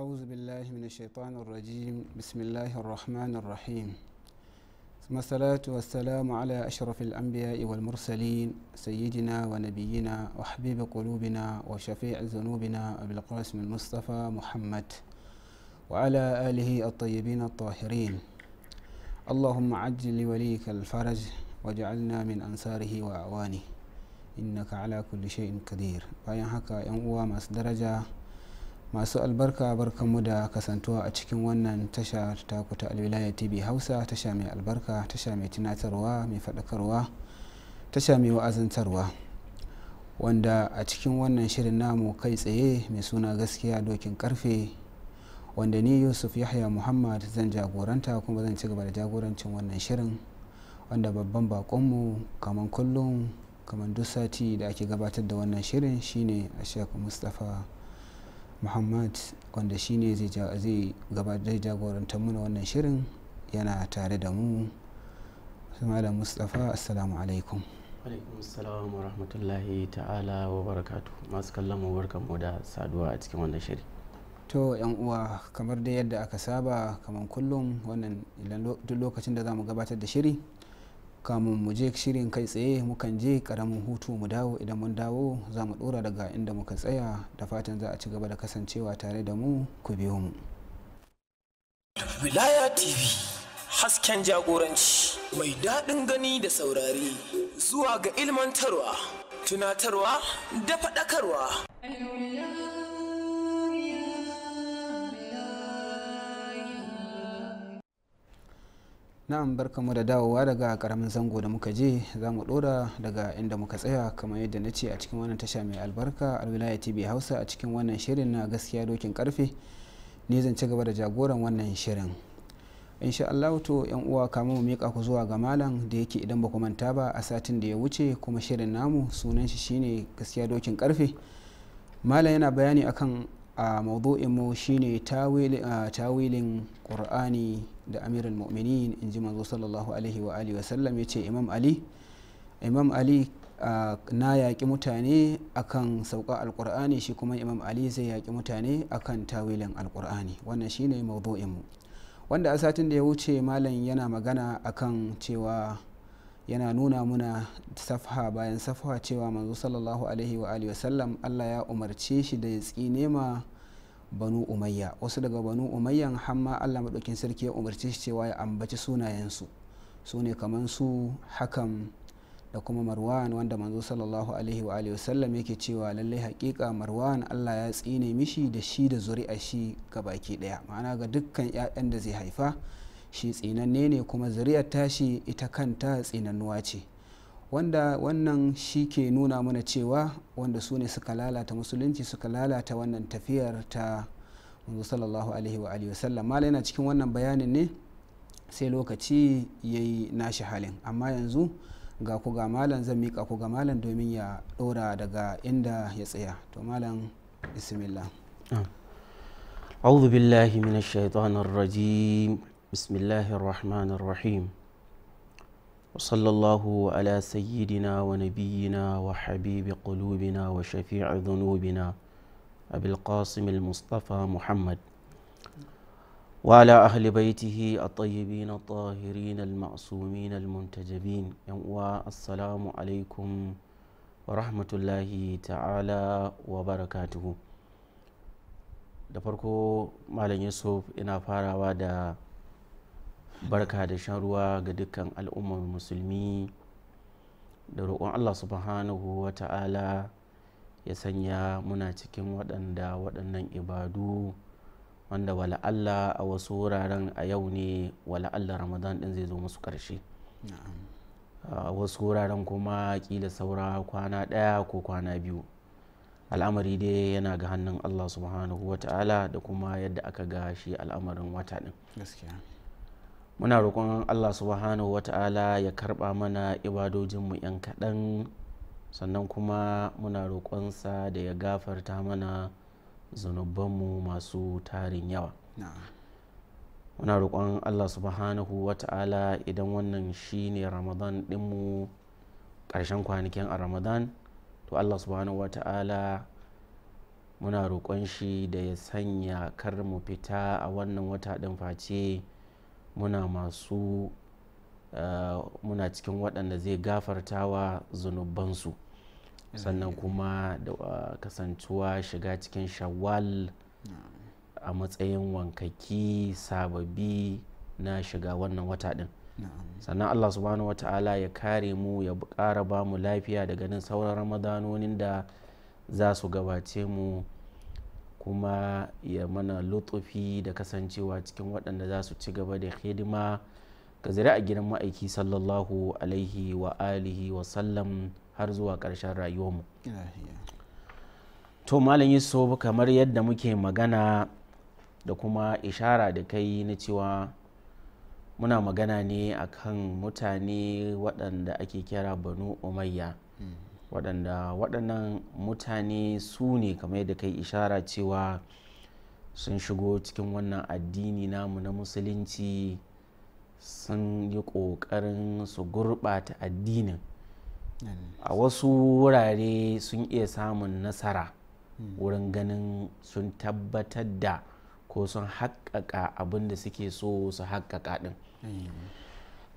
أعوذ بالله من الشيطان الرجيم بسم الله الرحمن الرحيم ثم الصلاة والسلام على أشرف الأنبياء والمرسلين سيدنا ونبينا وحبيب قلوبنا وشفيع ذنوبنا أبي القاسم المصطفى محمد وعلى آله الطيبين الطاهرين اللهم عجل لوليك الفرج وجعلنا من أنصاره وأعوانه إنك على كل شيء قدير فينحك ينقوى مصدرجه masu albarka barkanmu da kasantuwa a cikin wannan tasha ta kuta alwilaya tv hausa tasha mai albarka tasha mai tunatarwa mai faɗakarwa tasha mai wa'azantarwa wanda a cikin wannan shirin namu kai tsaye mai suna gaskiya dokin karfe wanda ni yusuf yahya muhammad zan jagoranta kuma zan ci gaba da jagorancin wannan shirin wanda babban bakonmu kamar kullum kamar duk sati da ake gabatar da wannan shirin shine a mustapha muhammad wanda shi ne zai jagoranta muna wannan shirin yana tare da mu da mustapha assalamu alaikum alaikum wa rahmatullahi ta'ala wa barakatu masu kallon mu mu da saduwa a cikin wannan shiri to yan uwa kamar da yadda aka saba kamar kullum wannan duk lokacin da za mu gabatar da shiri kamun mu je shirin kai tsaye mukan je karamin hutu mu dawo idan mun dawo za mu dora daga inda muka tsaya da fatan za a ci gaba da kasancewa tare da mu ku biyo mu wilaya tv hasken jagoranci mai daɗin gani da saurari zuwa ga ilmantarwa tunatarwa da faɗakarwa na'am barkamu da dawowa daga karamin zango da muka je za mu dora daga inda muka tsaya kamar yadda na ce a cikin wannan tasha mai albarka alwilaya tv hausa a cikin wannan shirin na gaskiya dokin karfe ne zan ci gaba da jagoran wannan shirin insha Allah to yan uwa kamar mu mika ku zuwa ga malam da yake idan ba ku manta ba a satin da ya wuce kuma shirin namu sunan shi shine gaskiya dokin karfe malam yana bayani akan a maudu'in mu shine tawilin qur'ani da amirul mu'minin in ji manzo sallallahu alaihi wa alihi wasallam ya ce imam ali imam ali na yaƙi mutane akan sauka alƙur'ani shi kuma imam ali zai yaƙi mutane akan tawilin alƙur'ani wannan shine mawdu'inmu wanda a satin da ya wuce malam yana magana akan cewa yana nuna muna safha bayan safha cewa manzo sallallahu alaihi wa alihi wasallam Allah ya umarce shi da ya tsine banu umayya wasu daga banu umayyan hamma allah maɗaukin sarki ya umarci shi cewa ya ambaci sunayensu su ne kamar su hakan da kuma marwan wanda manzo sallallahu alaihi wa alihi wasallam yake cewa lallai hakika marwan allah ya tsine mishi da shi da zuri'a shi ga baki daya ma'ana ga dukkan 'ya'yan da zai haifa shi tsinanne ne kuma zuri'ar tashi ita kanta tsinannuwa ce wanda wannan shi ke nuna mana cewa wanda su ne suka lalata musulunci suka lalata wannan tafiyar ta manzo sallallahu alaihi wa alihi wasallam mala yana cikin wannan bayanin ne sai lokaci ya yi nashi halin amma yanzu ga ku ga malam zan miƙa ku ga malam domin ya ɗora daga inda ya tsaya to malam bismillah أعوذ بالله من الشيطان الرجيم بسم الله وصلى الله على سيدنا ونبينا وحبيب قلوبنا وشفيع ذنوبنا أبي القاسم المصطفى محمد وعلى أهل بيته الطيبين الطاهرين المعصومين المنتجبين والسلام عليكم ورحمة الله تعالى وبركاته da farko malam yusuf ina farawa da barka da shan ruwa ga dukkan al'ummar musulmi da roƙon allah subhanahu wa ta'ala ya sanya muna cikin waɗanda waɗannan ibadu wanda wala allah a wasu wuraren a yau ne wala allah ramadan ɗin zai zo musu ƙarshe a wasu wuraren kuma ƙila saura kwana ɗaya ko kwana biyu al'amari dai yana ga hannun allah subhanahu wa ta'ala da kuma yadda aka ga shi al'amarin wata ɗin muna roƙon allah subhanahu wata'ala ya karɓa mana ibadojinmu 'yan kaɗan sannan kuma muna roƙonsa da ya gafarta mana zunubanmu masu tarin yawa muna roƙon allah subhanahu wata'ala idan wannan shi ne ramadan ɗinmu ƙarshen kwanakin a ramadan to allah subhanahu wata'ala muna roƙon shi da ya sanya kar mu fita a wannan wata ɗin face muna masu uh, muna cikin waɗanda zai gafartawa zunubansu sannan kuma da uh, shiga cikin shawwal a matsayin wankaki sababi na shiga wannan wata ɗin sannan allah subhanahu wa ta'ala ya kare mu ya ƙara ba mu lafiya daga nan sauran ramadanonin da za su gabace mu kuma ya mana lutufi da kasancewa cikin waɗanda za su ci gaba da hidima ga a gidan ma'aiki sallallahu alaihi wa alihi wa sallam har zuwa ƙarshen rayuwarmu to malam yusuf kamar yadda muke magana da kuma ishara da kai na cewa muna magana ne akan mutane waɗanda ake kira banu umayya hmm. waɗanda waɗannan mutane su ne kamar yadda kai ishara cewa sun shigo cikin wannan addini namu na musulunci sun yi ƙoƙarin su gurɓata addinin a wasu wurare sun iya samun nasara wurin ganin sun tabbatar da ko sun haƙƙaƙa abin da suke so su haƙƙaƙa ɗin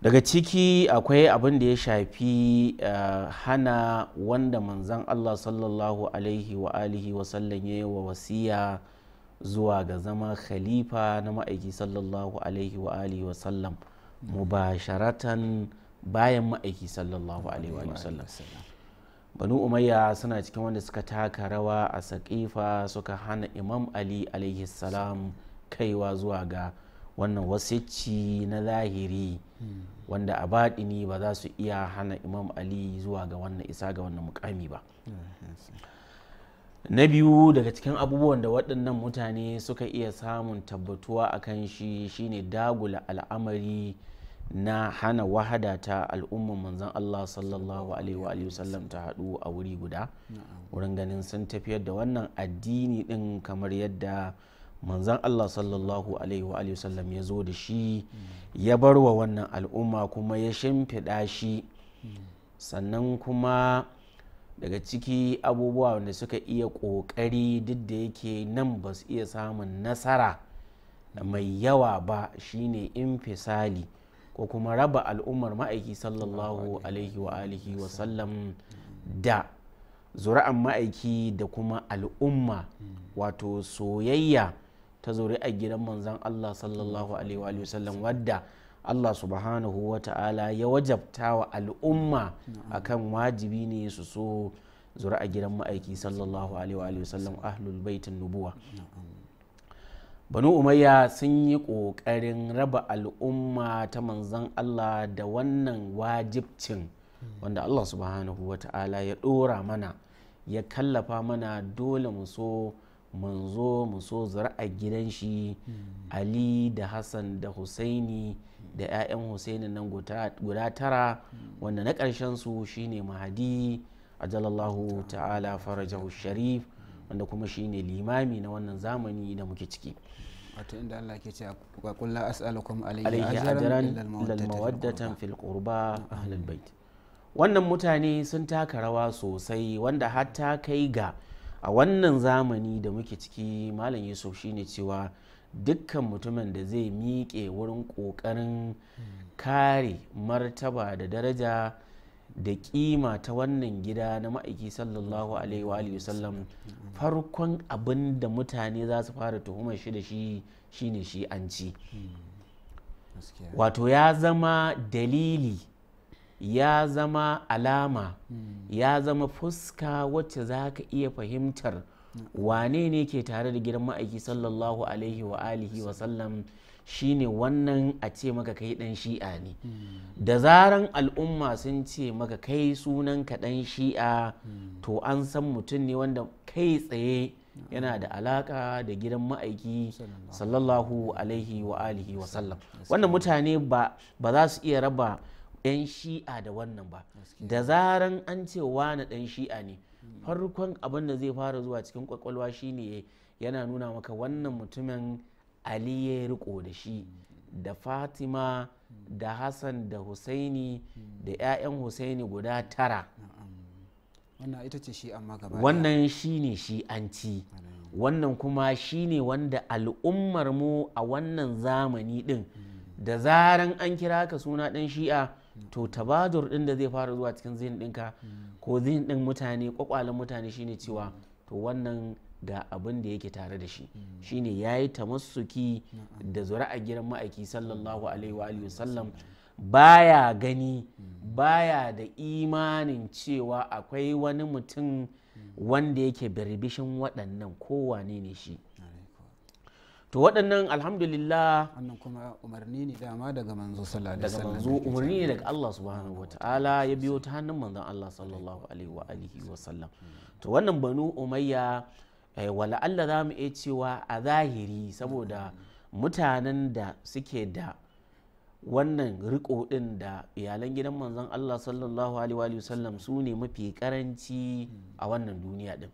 daga ciki akwai abin da ya shafi eh, hana wanda manzan allah sallallahu alaihi wa alihi wa sallanye wa wasiya zuwa ga zama khalifa na ma'aiki sallallahu alaihi wa alihi wa sallam mubasharatan bayan ma'aiki sallallahu alaihi wa sallam banu umayya suna cikin wanda suka taka rawa a saƙifa suka hana imam ali alaihi salam kaiwa zuwa ga wannan wasicci na zahiri wanda a baɗini ba za su iya hana imam ali zuwa ga wannan isa ga wannan mukami ba na biyu daga cikin abubuwan da waɗannan mutane suka iya samun tabbatuwa a kan shi shine dagula al'amari na hana wahada ta al'umman manzan Allah sallallahu alaihi wasallam ta haɗu a wuri guda wurin ganin sun tafiyar da wannan addini ɗin kamar yadda manzan Allah sallallahu alaihi wa sallam ya zo da shi ya bar wa wannan al'umma kuma ya shimfiɗa shi sannan kuma daga ciki abubuwa da suka iya ƙoƙari duk da yake nan ba su iya samun nasara da mai yawa ba shine infisali ko kuma raba al'ummar ma'aiki sallallahu alaihi wa alihi wa sallam da zura'an ma'aiki da kuma al'umma hmm. wato soyayya ta a gidan manzan Allah sallallahu alaihi wa sallam wadda Allah subhanahu wa ta'ala ya wajabta wa al'umma akan wajibi ne su so a gidan ma'aiki sallallahu alaihi wa sallam ahlul baitin nubuwa banu umayya sun yi ƙoƙarin raba al'umma ta manzan Allah da wannan wajibcin hmm. wanda Allah subhanahu wa ta'ala ya ɗora mana ya kallafa mana dole mu so Mun zo mu so zara'a gidan shi hmm. ali da hassan da husaini da 'ya'yan husaini nan guda tara hmm. wanda na ƙarshen su shine mahadi ajalallahu hmm. ta'ala farajahu sharif wanda kuma shine limami na wannan zamani da muke ciki wato inda Allah ke ce wa qul la as'alukum alayhi ajran illa al-mawaddata fil qurba ahlul bait wannan mutane sun taka rawa sosai wanda hatta kai ga a wannan zamani da muke ciki malam yusuf shine cewa dukkan mutumin da zai miƙe wurin ƙoƙarin kare martaba da daraja da kima ta wannan gida na ma'aiki sallallahu alaihi wa sallam farkon abin da mutane za su fara tuhumar shi da shi shine shi an ci hmm. wato ya zama dalili ya zama alama ya zama fuska wacce za ka iya fahimtar wane ne ke tare da gidan ma'aiki sallallahu alaihi wa alihi wa sallam shine wannan a ce maka kai dan shi'a ne da zaran al'umma sun ce maka kai sunan ka dan shi'a to an san mutum ne wanda kai tsaye yana da alaka da gidan ma'aiki sallallahu alaihi wa alihi wa sallam wannan mutane ba za su iya raba 'yan shi'a da wannan ba da zaran an ce wani ɗan shi'a ne farkon abin da zai fara zuwa cikin kwakwalwa shine yana nuna maka wannan mutumin ali ya riko da shi da fatima da hassan da husaini da 'ya'yan husaini guda tara wannan ita ce shi amma gaba wannan an shi'anci wannan kuma shi ne wanda al'ummar mu a wannan zamani din da zaran an kira ka suna ɗan shi'a to tabadur din da zai fara zuwa cikin zihin ɗinka ko zihin ɗin mutane kwakwalen mutane shine cewa to wannan da abin da yake tare da shi shine ya yi masuki da zuri'a gidan ma'aiki sallallahu alaihi wa sallam baya gani baya da imanin cewa akwai wani mutum wanda yake birbishin waɗannan kowane ne shi to waɗannan alhamdulillah annan kuma umarni ne dama daga manzo sallallahu alaihi wasallam daga manzo umarni ne daga Allah subhanahu wataala ya biyo ta hannun manzon Allah sallallahu alaihi wa alihi wasallam hmm. to wannan banu umayya eh, wala Allah za mu iya cewa a zahiri saboda hmm. mutanen da suke da wannan riko din da iyalan gidan manzon Allah sallallahu alaihi wa sallam su ne mafi karanci hmm. a wannan duniya din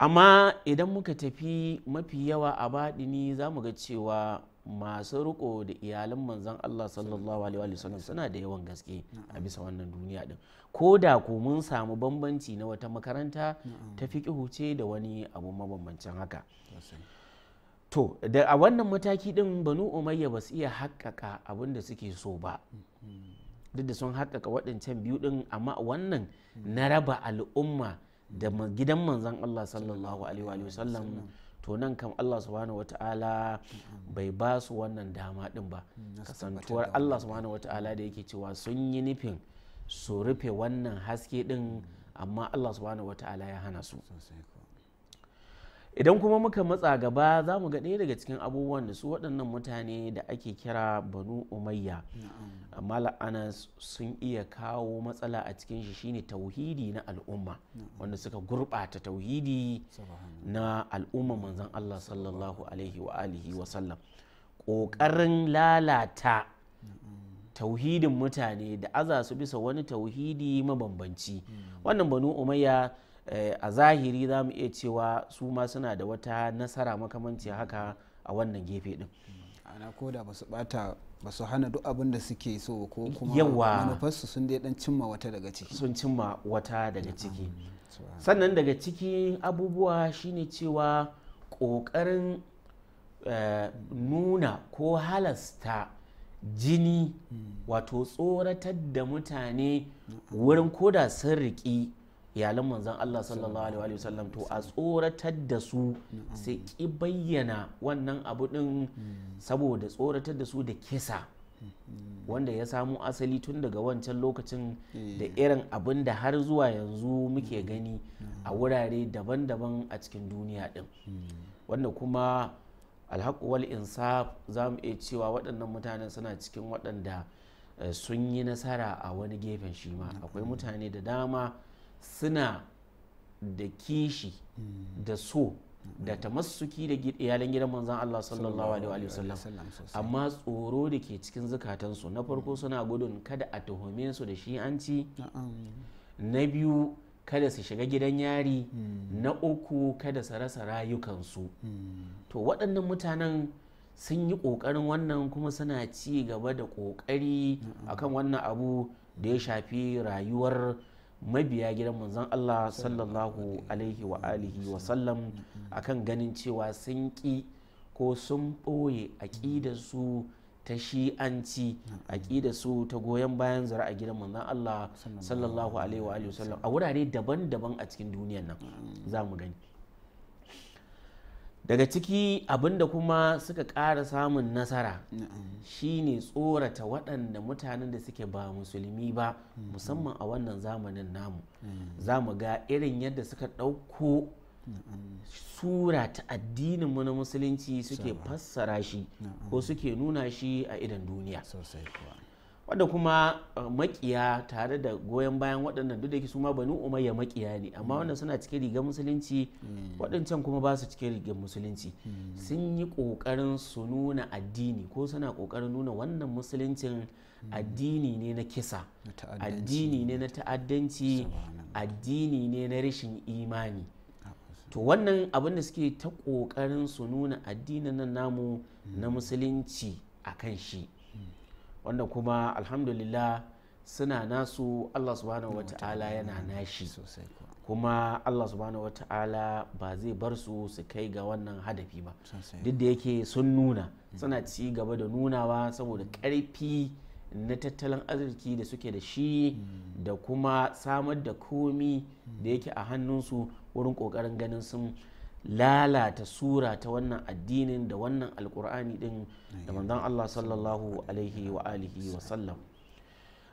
amma idan muka tafi mafi yawa a baɗini za mu ga cewa masu riko da iyalan manzan Allah sallallahu alaihi wasallam suna da yawan gaske a bisa wannan duniya din ko da ko mun samu bambanci na wata makaranta ta fi ce da wani abu mabambancin haka to da a wannan mataki din banu umayya ba su iya haƙƙaƙa abin da suke so ba mm-hmm. duk da sun haƙƙaƙa waɗancan biyu din amma wannan na raba al'umma da gidan manzon Allah sallallahu alaihi wa sallam to nan kam Allah subhanahu wata'ala bai ba su wannan dama din ba mm, kasantuwar Allah subhanahu wata'ala da yake cewa sun yi nufin su rufe wannan haske din mm. amma Allah subhanahu wata'ala ya hana su idan kuma muka matsa gaba za mu ga ɗaya daga cikin abubuwan da su waɗannan mutane da ake kira banu umayya amma la'ana sun iya kawo matsala a cikin shi shine tauhidi na al'umma wanda suka gurɓata tauhidi na al'umma manzan Allah sallallahu alaihi wa alihi wa sallam ƙoƙarin lalata tauhidin mutane da aza su bisa wani tauhidi mabambanci hmm. wannan banu umayya Eh, a zahiri za mu iya cewa su ma suna da wata nasara makamanci haka a wannan gefe din ana ko da ba su bata ba su hana duk abin da suke so ko kuma manufarsu sun dai dan cimma wata daga ciki sun cimma wata daga ciki sannan daga ciki abubuwa shine cewa ƙoƙarin eh, nuna ko halasta jini hmm. wato tsoratar da mutane wurin koda sun riƙi iyalan manzon Allah sallallahu alaihi wasallam to a tsoratar da su sai ki bayyana wannan abu din saboda tsoratar da su da kisa wanda ya samu asali tun daga wancan lokacin da eh. irin abin da har zuwa yanzu muke mm. gani mm. a wurare daban-daban a cikin duniya din mm. wanda kuma wal insaf za mu iya cewa waɗannan mutane suna cikin waɗanda eh, sun yi nasara a wani gefen shi ma akwai mutane da dama suna da kishi mm. da so da tamassuki da iyalan gidan manzan Allah sallallahu alaihi wasallam amma tsoro da ke cikin zukatansu na farko mm. suna gudun kada a tuhume su da shi an ci. na biyu kada su shiga gidan yari mm. na uku kada su rasa rayukansu to waɗannan mutanen sun yi ƙoƙarin wannan kuma suna ci gaba da ƙoƙari akan wannan abu da ya shafi rayuwar mabiya gidan manzan Allah sallallahu alaihi wa alihi wa sallam akan ganin cewa sun ƙi ko sun ɓoye aƙidar su ta shi'anci aƙidar su ta goyon bayan zara a gidan manzan Allah sallallahu alaihi wa alihi wa sallam a wurare daban-daban a cikin duniyar nan za mu gani daga ciki abinda kuma suka ƙara samun nasara shine tsorata waɗanda mutanen da suke ba musulmi ba mhm. musamman a wannan zamanin namu mhm. za mu ga irin yadda suka ɗauko sura ta addinin mu na musulunci suke fassara shi ko suke nuna shi a idan duniya wadda kuma eh, makiya tare da goyon bayan waɗannan duk da yake su ma banu umayya makiya ne amma wannan suna cikin rigar musulunci mm. waɗancan kuma ba su cikin rigar musulunci mm. sun yi ƙoƙarin su nuna addini ko suna ƙoƙarin nuna wannan musuluncin mm. addini ne na kisa addini ne na ta'addanci addini ne na rashin imani ah, to wannan abin da suke ta ƙoƙarin su nuna addinin nan namu na musulunci a kan shi wanda kuma alhamdulillah suna nasu Allah subhanahu wa ta'ala yana nashi kuma Allah subhanahu wa ta'ala ba zai bar su su kai ga wannan hadafi ba duk da yake sun nuna suna ci gaba da nunawa saboda karfi na tattalin arziki da suke da shi hmm. da kuma samar da komi da yake a hannunsu wurin kokarin ganin sun lalata sura ta wannan addinin da wannan alkur'ani din da manzon Allah sallallahu alaihi wa alihi wa sallam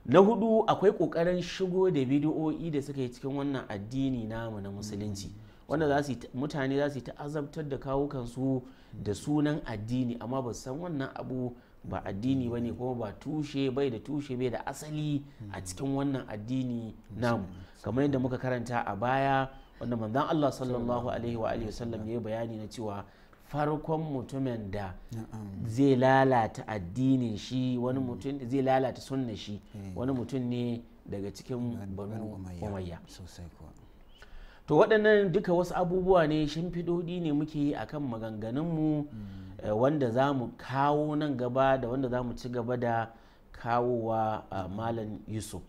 na hudu akwai kokarin shigo da bidiyo'i da suka yi cikin wannan addini namu na musulunci wanda mutane za su ta azabtar da kawukansu da sunan addini amma ba san wannan abu ba addini ba ne kuma ba tushe bai da tushe bai da asali a cikin wannan addini namu kamar yadda muka karanta a baya wanda manzon Allah sallallahu alaihi wa alihi wasallam ya yi bayani na cewa farkon mutumin da zai lalata addinin shi wani mm. mutum zai lalata sunna shi eh. wani mutum ne daga cikin banu umayya to waɗannan duka wasu abubuwa ne shimfiɗoɗi ne muke yi akan maganganun mu mm. eh, wanda za mu kawo nan gaba da wanda za mu ci gaba da kawowa ah, malam yusuf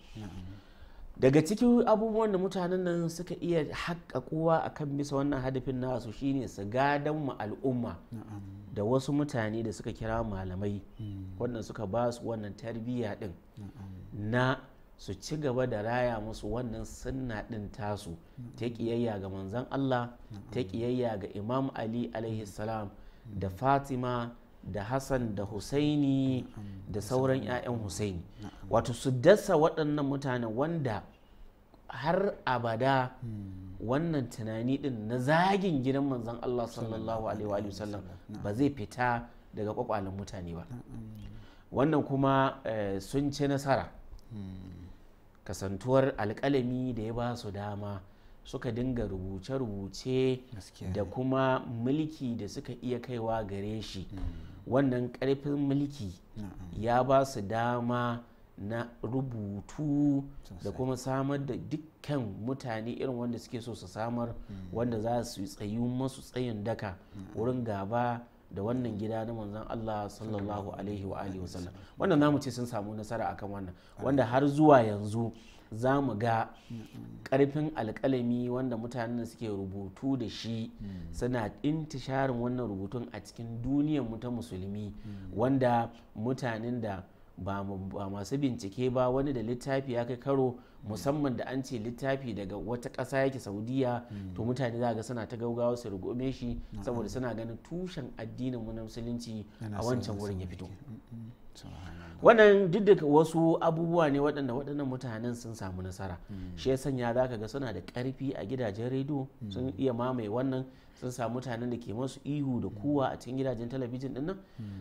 daga cikin abubuwan da mutanen nan suka iya haƙaƙuwa a kan bisa wannan hadafin nasu shine su gadon mu al'umma da wasu mutane da suka kira malamai hmm. wannan suka ba su wannan tarbiyya din na su ci gaba da raya musu wannan sunna din tasu ta ƙiyayya ga manzon Allah ta ƙiyayya ga Imam Ali alaihi salam hmm. da Fatima da hassan da husaini da sauran 'ya'yan husaini wato su dasa waɗannan mutane wanda har abada hmm. wannan tunani din na zagin gidan manzon Allah sallallahu alaihi wasallam ba zai fita daga ƙwaƙwalin mutane ba wannan kuma eh, sun ci nasara hmm. kasantuwar alƙalami da ya ba su dama suka dinga rubuce-rubuce da kuma mulki da suka iya kaiwa gare shi hmm. wannan karfin mulki ya ba su dama na rubutu da kuma samar da dukkan mutane irin wanda suke so su samar hmm. wanda za su tsayu masu tsayin daka wurin gaba da wannan hmm. gida na manzon Allah sallallahu alaihi wa alihi wasallam wannan namu ce sun samu nasara akan wannan wanda har zuwa yanzu za mu ga ƙarfin alƙalami wanda mutanen suke rubutu da shi hmm. suna intisharin wannan rubutun a cikin duniyar mu ta musulmi hmm. wanda mutanen da ba masu bincike ba wani da littafi ya kai karo musamman da an ce littafi daga wata ƙasa yake saudiya hmm. to mutane za ga suna ta gaugawa su rungume shi saboda suna ganin tushen addinin mu na musulunci a wancan wurin ya fito wannan duk da wasu abubuwa ne waɗanda waɗannan mutanen sun samu nasara hmm. shi ya sanya za ka ga suna da ƙarfi a gidajen rediyo sun hmm. iya mamaye wannan sun samu mutanen da ke masu ihu da kuwa a cikin gidajen talabijin din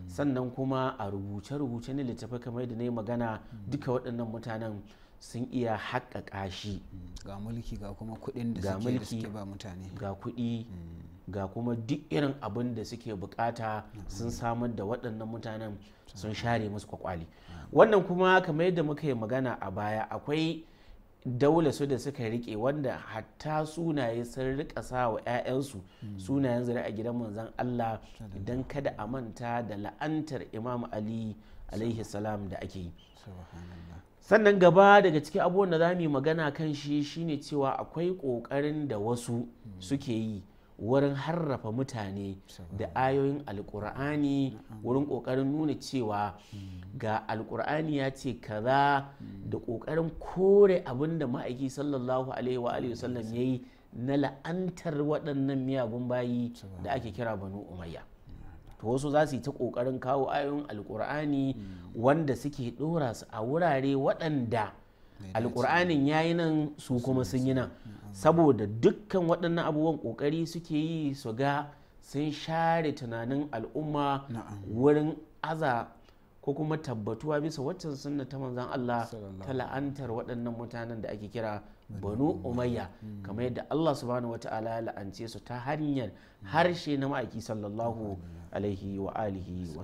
sannan kuma a rubuce-rubuce ne littafai kamar da na yi magana duka waɗannan mutanen sun iya haƙaƙa shi ga mulki ga kuma kuɗin da suke ba mutane ga kuɗi mm. ga kuma duk irin abin da suke bukata sun mm. samar da waɗannan mutanen sun mm. share musu kwakwali wannan kuma kamar yadda muka yi magana a baya akwai daula su da suka rike wanda hatta sunaye sun rika sa wa 'ya'yansu hmm. sunayen zira a gidan manzan Allah idan kada a manta da la'antar imam ali alaihi salam da ake yi sannan gaba daga cikin abubuwan da za mu yi magana kan shi shine cewa akwai ƙoƙarin da wasu hmm. suke yi wurin harrafa mutane da ayoyin alkur'ani wurin ƙoƙarin nuna cewa hmm. ga alkur'ani ya ce kaza hmm. da ƙoƙarin kore abinda ma'aiki sallallahu alaihi wa wasallam ya yi na la'antar waɗannan miyagun bayi da ake kira banu umayya to wasu za su yi ta ƙoƙarin kawo ayoyin alkur'ani hmm. wanda suke ɗora su a wurare waɗanda alƙur'anin ya yi nan su kuma sun yi nan saboda dukkan waɗannan abubuwan ƙoƙari suke yi su ga sun share tunanin al'umma wurin aza ko kuma tabbatuwa bisa waccan sunna ta manzan Allah ta la'antar waɗannan mutanen da ake kira banu umayya hmm. kamar yadda Allah subhanahu wata'ala ya la'ance su ta hanyar hmm. harshe na ma'aiki sallallahu alaihi wa alihi wa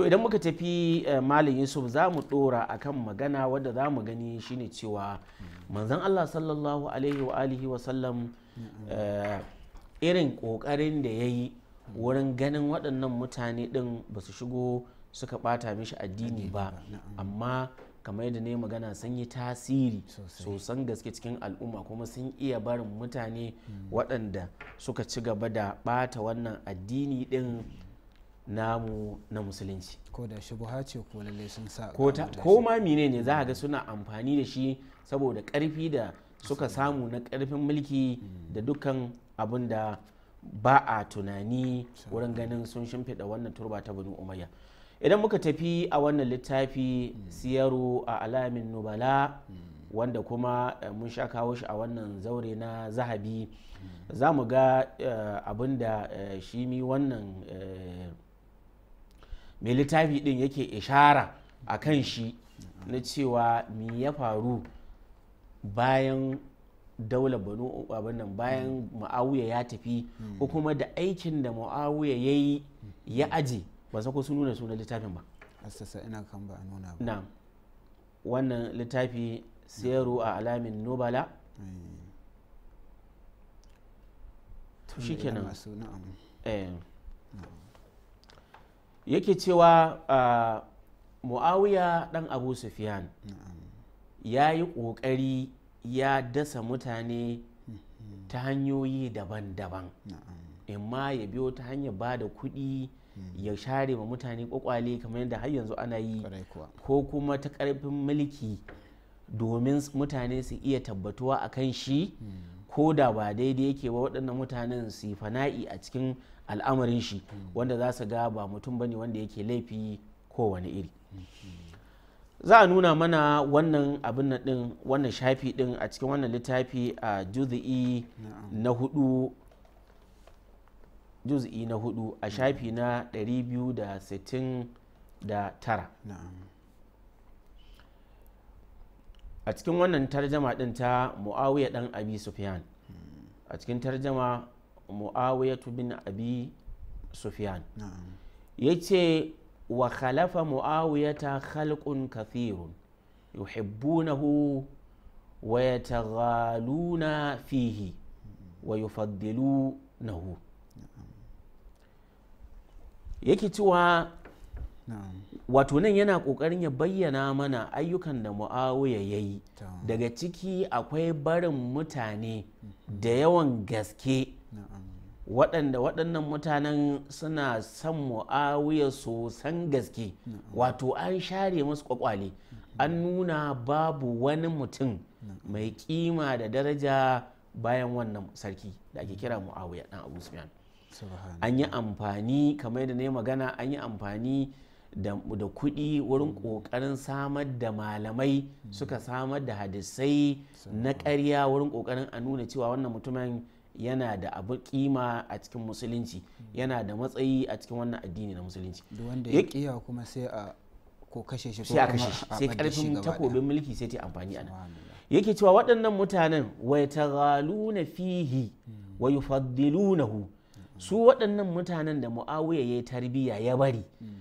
to idan muka tafi eh, malam yusuf za mu dora kan magana wadda za mu gani shine cewa manzan allah sallallahu alaihi wa alihi wa sallam eh, irin kokarin da ya yi wurin ganin waɗannan mutane ɗin ba su shigo suka ɓata mishi addini ba amma kamar yadda ne magana sun yi tasiri sosan gaske cikin al'umma kuma sun iya barin mutane waɗanda suka ci gaba da ɓata wannan addini ɗin namu na musulunci ko da shubuha ce ko lalle sun sa ko ma mine ne za ga suna amfani da shi saboda karfi da suka samu na karfin mulki mm. da dukkan abin da ba a tunani wurin ganin sun shimfiɗa wannan turba ta bani umayya idan muka tafi a wannan littafi mm. siyaru a alamin nubala mm. wanda kuma eh, mun sha kawo shi a wannan zaure na zahabi za mu ga eh, abin da eh, shi mi wannan mai littafi din yake ishara a kan shi na cewa me ya faru bayan daula banu abin nan bayan ma'awuya ya tafi ko kuma da aikin da ma'awuya ya yi ya aji ba sa ku sun nuna sunan littafin ba asasa ina kan ba a nuna ba na'am wannan littafi sayaru a alamin nobala to shikenan eh yake cewa ah, mu'awiya dan abu Sufiyan ya yi ƙoƙari ya dasa mutane ta hanyoyi daban-daban imma ya biyo ta hanyar ba da kuɗi ya share ma mutane kwakwale kamar yadda har yanzu ana yi ko kuma ta ƙarfin mulki domin mutane su iya tabbatuwa a kan shi hmm. ko da ba daidai yake ba waɗannan mutanen su fana'i a cikin al'amarin shi wanda za su ga ba mutum bane wanda yake laifi kowane iri za a nuna mana wannan abin na din wannan shafi din a cikin wannan littafi a juzi'i na hudu juz'i na hudu a shafi na 269 a cikin wannan tarjama din ta muawiya dan abi sufyan a cikin tarjama mu'awiyatu bin abi sufyan yace wa khalafa mu'awiyata khalqun kathirun yuhibbunahu wa yataghaluna fihi wa yufaddilunahu yake cewa wato nan yana kokarin ya bayyana mana ayyukan da mu'awiya ya yi daga ciki akwai barin mutane da yawan gaske waɗanda waɗannan mutanen suna son mu'awiya sosan gaske wato an share musu kwakwale an nuna babu wani mutum mai kima da daraja bayan wannan sarki da ake kira mu'awiya ɗan abu sufyan an yi amfani kamar da na yi magana an yi amfani da kuɗi wurin ƙoƙarin samar da malamai suka samar da hadisai na ƙarya wurin ƙoƙarin a nuna cewa wannan mutumin yana da abu kima a cikin musulunci yana da matsayi a cikin wannan addini na musulunci wanda ya kiya kuma sai a ko kashe shi sai a kashe shi sai karfin takobin mulki sai ta amfani a nan yake cewa waɗannan mutanen wai taghaluna fihi wa hmm. yufaddilunahu hmm. su waɗannan mutanen da muawiya yayi tarbiyya ya bari hmm.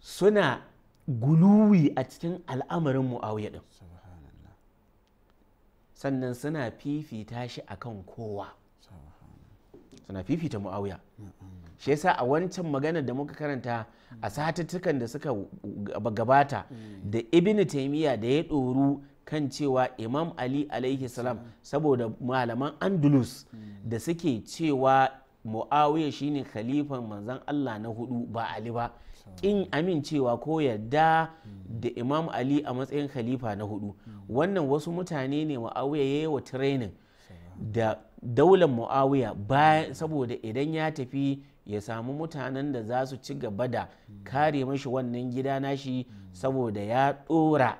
suna guluwi a cikin al'amarin muawiya din sannan suna fifita shi akan kowa suna fifita muawiya shi yasa a wancan maganar da muka karanta a satuttukan da suka gabata da ibn taimiyya da ya ɗoru kan cewa imam ali alaihi salam saboda malaman andalus da suke cewa muawiya shine khalifan manzon allah na hudu ba ali ba in amincewa ko yarda da imam ali a matsayin khalifa na hudu wannan wasu mutane ne muawiya ya yi wa training da daular mu'awiya bayan saboda idan ya tafi ya samu mutanen da za su ci gaba da kare mashi wannan gida nashi saboda ya ɗora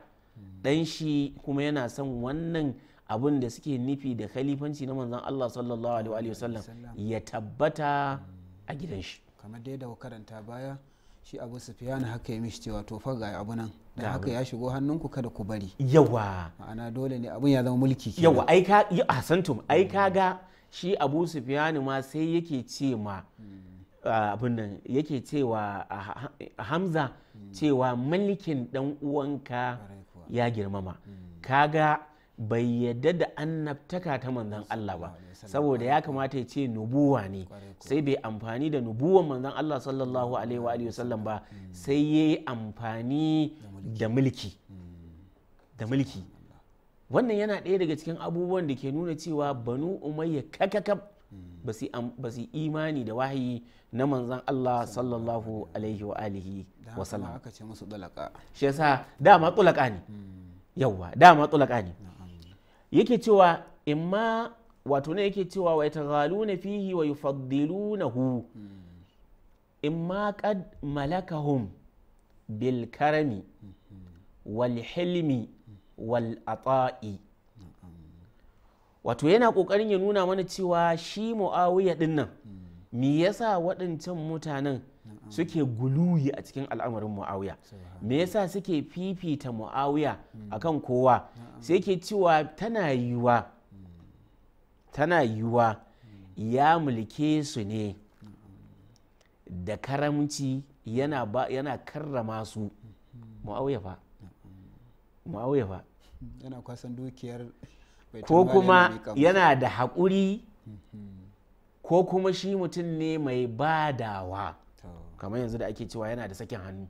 dan shi kuma yana son wannan abin da suke nufi da khalifanci na manzon Allah sallallahu alaihi wasallam ya tabbata a gidan shi kamar da karanta baya shi abu sufiyana haka ya mishi cewa to fa ga abu nan da haka ya shigo hannunku kada ku bari yawa ma'ana dole ne abun ya zama mulki yawa ai ka ahsantum ai mm. kaga shi abu sufiyana ma sai yake ce ma mm. ah, abun nan yake cewa ah, hamza mm. cewa mulkin dan uwanka ya girmama kaga bai yadda da annabtaka ta manzan Allah ba saboda ya kamata ya ce nubuwa ne sai bai amfani da nubuwan manzan Allah sallallahu alaihi wa sallam ba sai ya yi amfani da mulki da mulki hmm. wannan yana ɗaya daga cikin abubuwan da ke nuna cewa banu umayya kakakab hmm. ba su imani da wahayi na manzan Allah sallallahu alaihi wa alihi wa sallam shi yasa dama tulaka ne hmm. yawwa dama tulaka ne yake cewa imma wato ne yake cewa wa na fihi wa yufaddilunahu imma kad malakahum bil karami wal hilmi wal ata'i wato yana ƙoƙarin ya nuna mana cewa shi muawiya din nan me yasa waɗancan mutanen suke guluyi a cikin al'amarin muawiya me yasa suke fifita muawiya hmm. akan kowa sai ke cewa tana yiwa hmm. tana yiwa hmm. ya mulke su ne da karamci yana karrama su muawiya fa muawiya fa yana kwasan dukiyar ko kuma yana da haƙuri ko kuma shi mutum ne mai badawa kamar yanzu da ake cewa yana da sakin hannu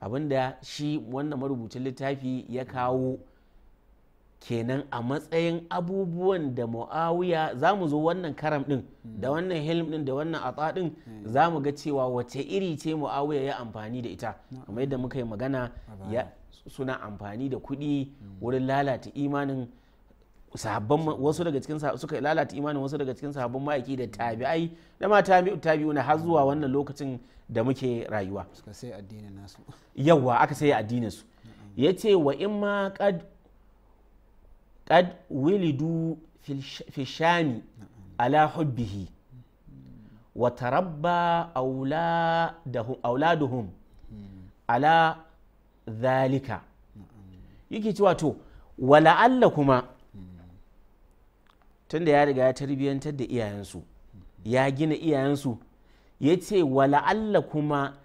abinda shi wannan marubucin littafi ya kawo kenan a matsayin abubuwan da mu'awiya za mu zo wannan karam din da hmm. wannan helm din da wannan atsa din hmm. za mu ga cewa wace iri ce mu'awiya ya amfani da ita kamar yadda muka yi magana suna amfani da kuɗi hmm. wurin lalata imanin sahabban wasu daga cikin suka lalata imanin wasu daga cikin sahabban ma'aiki da tabi'ai da ma tabi'u na har zuwa wannan lokacin da muke rayuwa suka sai addinin nasu yawa aka sai addinin su yace wa in ma qad qad wilidu fi shami ala hubbihi wa tarabba auladuhum mm. ala zalika yake cewa to wala'alla kuma tunda ya riga ya tarbiyyantar da iyayensu ya gina iyayensu ya ce wala'alla kuma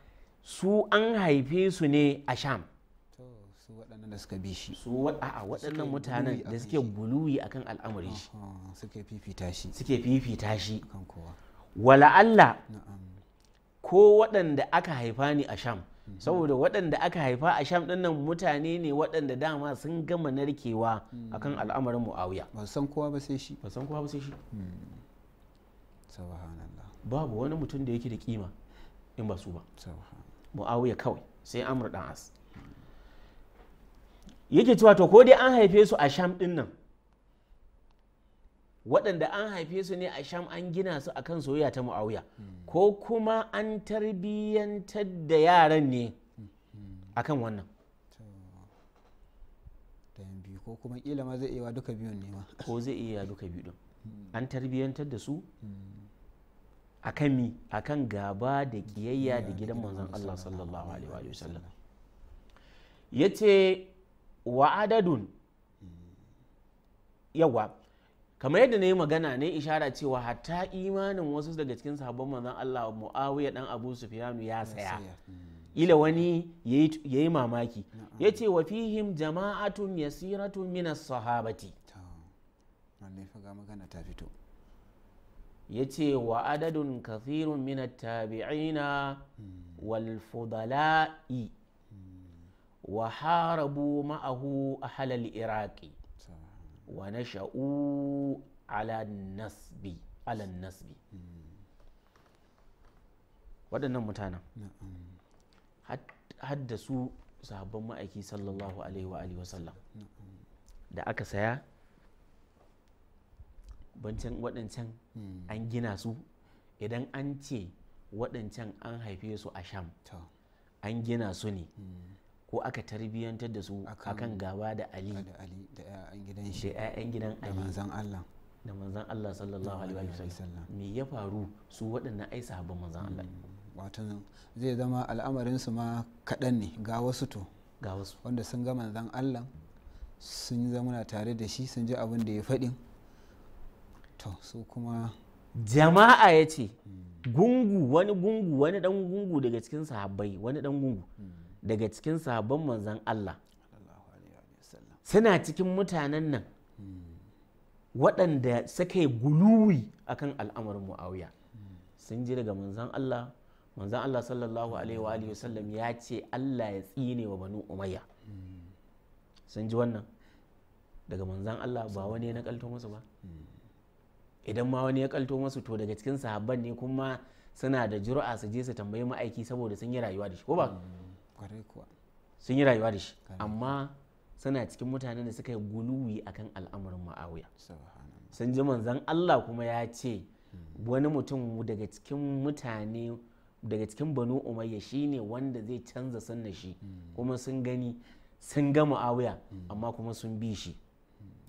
su an haife su ne a sham su waɗannan da suka su waɗannan mutanen da suke buluwi akan al'amari shi suke fifita shi suke fifita shi wala'alla ko waɗanda aka haifa ni a sham saboda waɗanda aka haifa a sham ɗin nan mutane ne waɗanda dama sun gama narkewa akan hmm. al'amarin muawiya ba san kowa ba sai shi ba san kowa ba sai shi hmm. babu wani mutum da yake da kima in ba su ba muawiya kawai sai amur dan as yake cewa to ko dai an haife su a sham ɗin nan waɗanda an haife su ne a sham an gina su akan soyayya ta mu'awiya ko kuma an tarbiyyantar da yaran ne akan wannan ko kuma kila ma zai iya duka biyun ne ma ko zai iya duka biyu din hmm. an tarbiyyantar da su hmm. akan mi akan gaba da kiyayya da gidan manzon Allah sallallahu alaihi wa sallam yace wa adadun hmm. yawa kamar yadda na yi magana ne ishara cewa hatta imanin wasu daga cikin sabon manzon Allah Muawiya dan Abu Sufyanu ya saya hmm. ila wani ya yi mamaki ya ce wa fihim jama'atun yasiratun minas sahabati ya ce wa adadun kafirun mina tabi'ina hmm. wal fudala'i hmm. wa harabu ma'ahu a halal iraki wa nasha'u ala nasbi ala nasbi waɗannan mutanen hadda su sahabban ma'aiki sallallahu alaihi wa alihi wasallam da aka saya bancan waɗancan an gina su idan an ce waɗancan an haife su a sham an gina su ne ko aka tarbiyyantar da su akan gaba da ali da ‘ya'yan gidan ali da manzan Allah sallallahu alaihi wasallam me ya faru su waɗannan ai sahabban manzan Allah hmm, wato zai zama al'amarin su ma kaɗan ne ga wasu to ga wasu wanda sun ga manzan Allah sun na tare da shi sun ji abin da ya faɗin to su kuma jama'a ya ce hmm. gungu wani gungu wani dan gungu daga cikin sahabbai wani dan gungu mm. daga cikin sahabban manzan Allah suna cikin mutanen nan hmm. waɗanda suka yi guluwi akan al'amarin mu'awiya hmm. sun ji daga manzan Allah manzan Allah sallallahu alaihi wa sallam ya ce Allah ya tsine wa banu umayya hmm. sun ji wannan daga manzan Allah ba wani na kalto musu ba idan ma wani ya kalto musu to daga cikin sahabban ne kuma suna da jura su je su tambayi ma'aiki saboda sun yi rayuwa da shi ko ba sun yi rayuwa da shi amma suna cikin mutanen da suka yi guluwi akan al'amarin ma'awiya sun ji manzan Allah kuma ya ce hmm. wani mutum daga cikin mutane daga cikin banu umayya shine wanda zai canza sannan shi hmm. kuma sun gani sun ga ma'awiya hmm. amma kuma sun bi shi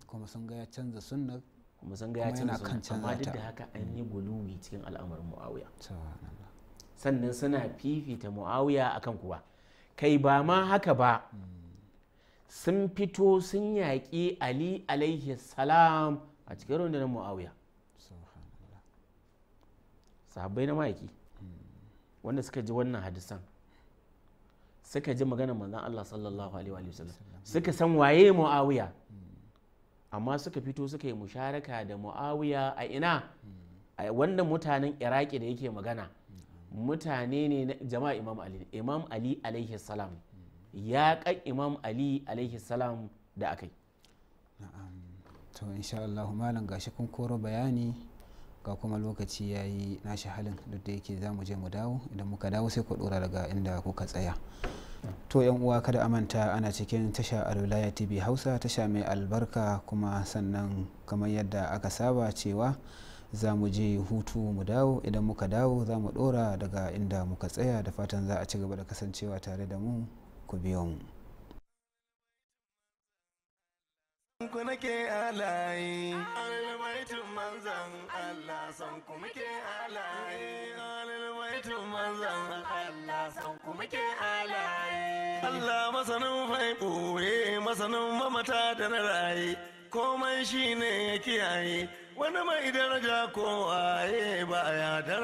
kuma sun ga ya canza sunna kuma sun ga ya canza sunna amma duk da haka an yi guluwi cikin al'amarin mu'awiya sannan suna fifita mu'awiya akan kuwa kai ba ma haka ba sun fito sun yaƙi ali alaihi salam a cikin rundunar muawiya sahabbai na maiki wanda suka ji wannan hadisan suka ji magana manzan Allah sallallahu alaihi wa sallam suka san waye muawiya amma suka fito suka yi musharaka da muawiya a ina hmm. a wannan mutanen iraki da yake magana mutane ne na jama'a imam ali imam ali alaihi salam ya kan imam ali alaihi salam da akai na'am to insha Allah malam gashi kun koro bayani ga kuma lokaci yayi nashi halin duk da yake zamu je mu dawo idan muka dawo sai ku dora daga inda kuka tsaya to yan uwa kada a manta ana cikin tasha alwilaya tv hausa tasha mai albarka kuma sannan kamar yadda aka saba cewa za mu je hutu mu dawo idan muka dawo za mu ɗora daga inda muka tsaya da fatan za a ci gaba da kasancewa tare da mu ku biyo mu ku nake alayi manzan Allah san ku muke alayi manzan Allah san ku muke alayi Allah masanin faiɓoye eh, masanin mamata da na raye komai shine ya kiyaye wani mai daraja ko aye baya